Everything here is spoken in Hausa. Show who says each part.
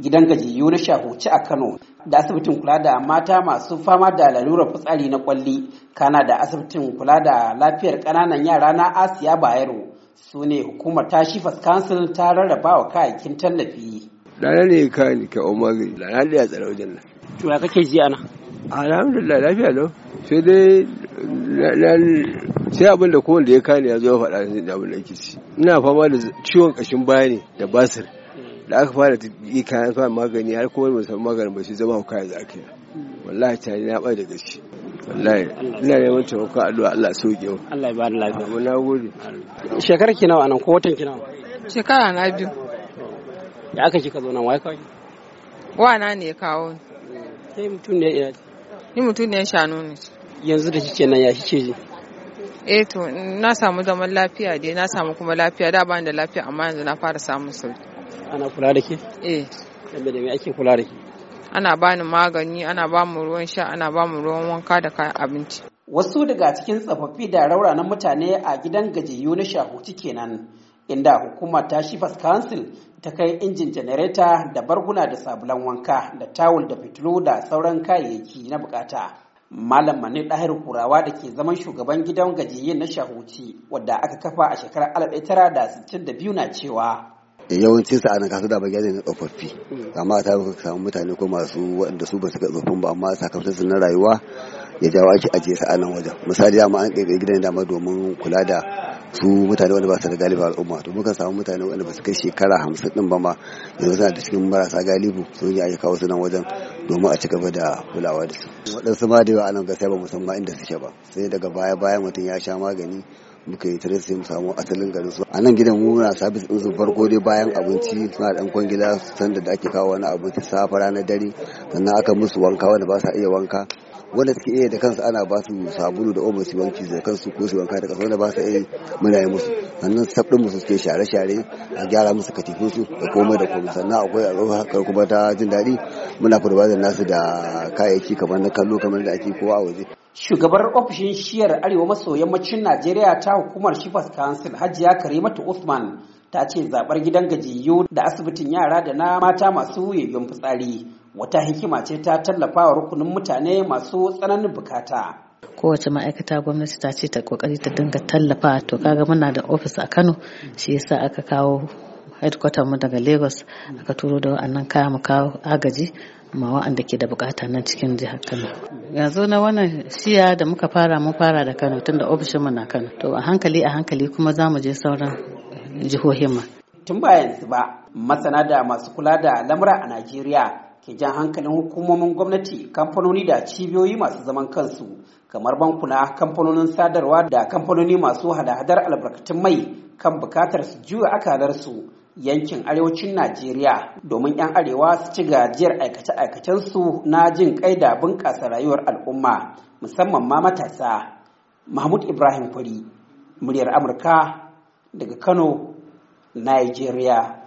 Speaker 1: gidan gajiyu na shahuci a kano da asibitin kula da mata masu fama da lalurar fitsari na kwalli kana da asibitin kula da lafiyar ƙananan yara na asiya bayero su ne hukumar ta shifas council ta rarraba wa kayayyakin tallafi
Speaker 2: ɗana ne kayan ka omagiri da na a tsara wajen nan
Speaker 1: to ya kake ji ana
Speaker 2: alhamdulillah lafiya lau sai dai sai abin da kowanne ya kani ya zo ya faɗa abin da ake ci ina fama da ciwon ƙashin baya ne da basir da aka fara yi kayan fara magani har kuma ba samu magani ba shi zama hukaya za ka yi wallahi tare na bai da gaske wallahi ina neman taimako addu'a Allah sauke mu Allah ya bada lafiya mu nagode
Speaker 1: shekara ki nawa anan ko watan ki nawa
Speaker 3: shekara na biyu
Speaker 1: ya aka kika zo nan wai kawai
Speaker 3: wa na ne ya kawo ni kai mutum ne ina ni mutum ne ya shanu ne
Speaker 1: yanzu da kike nan ya kike ji
Speaker 3: eh to na samu zaman lafiya dai na samu kuma lafiya da ba da lafiya amma yanzu na fara samun sauki
Speaker 1: ana kula da ke eh yadda me ake kula da ke ana bani magani ana ba mu ruwan sha ana ba mu ruwan wanka da kayan abinci wasu daga cikin tsofaffi da rauranan mutane a gidan gajiyu na shahuci kenan inda hukumar ta shifas council ta kai injin janareta da barguna da sabulan wanka da tawul da fitilu da sauran kayayyaki na bukata Malam Mani Dahir Kurawa da ke zaman shugaban gidan gajiyayyen na Shahuci wadda aka kafa a shekarar 1962 na cewa
Speaker 2: yawancin sa ana kasu da ba gyara na tsofaffi mm. amma ta ka samu mutane ko masu waɗanda su ba su ga tsofaffin ba amma sakamakon na rayuwa ya jawo ake ajiye sa'a a nan wajen misali dama an ƙirƙiri gidan dama domin kula da su mutane wanda ba su da galibi al'umma to ka samu mutane wanda ba su kai shekara hamsin din ba ma yanzu suna da cikin marasa galibu su ne ake kawo su nan wajen domin a ci gaba da kulawa da su waɗansu ma da yawa anan gaskiya ba musamman inda suke ba sai daga baya baya mutum ya sha magani muka yi tare sai mu samu asalin garin su a nan gidan mu na sabis din su farko dai bayan abinci suna dan kwangila sanda da ake kawo wani abinci safa na dare sannan aka musu wanka wanda ba sa iya wanka wanda suke iya da kansu ana ba su sabulu da omo su wanki da kansu ko su wanka da kansu wanda ba sa iya muna yi musu sannan sabdin musu suke share-share a gyara musu katifin su da komai da komai sannan akwai al'umma kuma ta jin daɗi muna furba nasu da kayayyaki kamar na kallo kamar da ake kowa a waje
Speaker 1: shugabar ofishin shiyar arewa maso yammacin najeriya ta hukumar shifas council hajiya karimatu usman ta ce zabar gidan gajiyu da asibitin yara da na mata masu yayyun fitsari wata hikima ce ta tallafa wa rukunin mutane masu tsananin bukata
Speaker 3: kowace ma'aikata gwamnati ta ce ta kokari ta dinga tallafa to kaga muna da ofis a kano shi yasa aka kawo headquarter mu daga lagos aka turo da wa'annan kaya mu kawo agaji ma wa'anda ke da bukata nan cikin jihar kano yanzu na wannan shiya da muka fara mu fara da Kano tunda ofishin mu na Kano to a hankali a hankali kuma za mu je sauran jihohin ma
Speaker 1: tun ba yanzu ba masana da masu kula da lamura a Najeriya ke jan hankalin hukumomin gwamnati kamfanoni da cibiyoyi masu zaman kansu kamar bankuna kamfanonin sadarwa da kamfanoni masu hada-hadar albarkatun mai kan bukatar su juya akalarsu yankin arewacin Najeriya domin 'yan arewa su ci gajiyar aikace-aikacensu na jin kai da bunƙasa rayuwar al'umma musamman ma matasa. Mahmud Ibrahim Kwari, muryar Amurka daga Kano, Najeriya.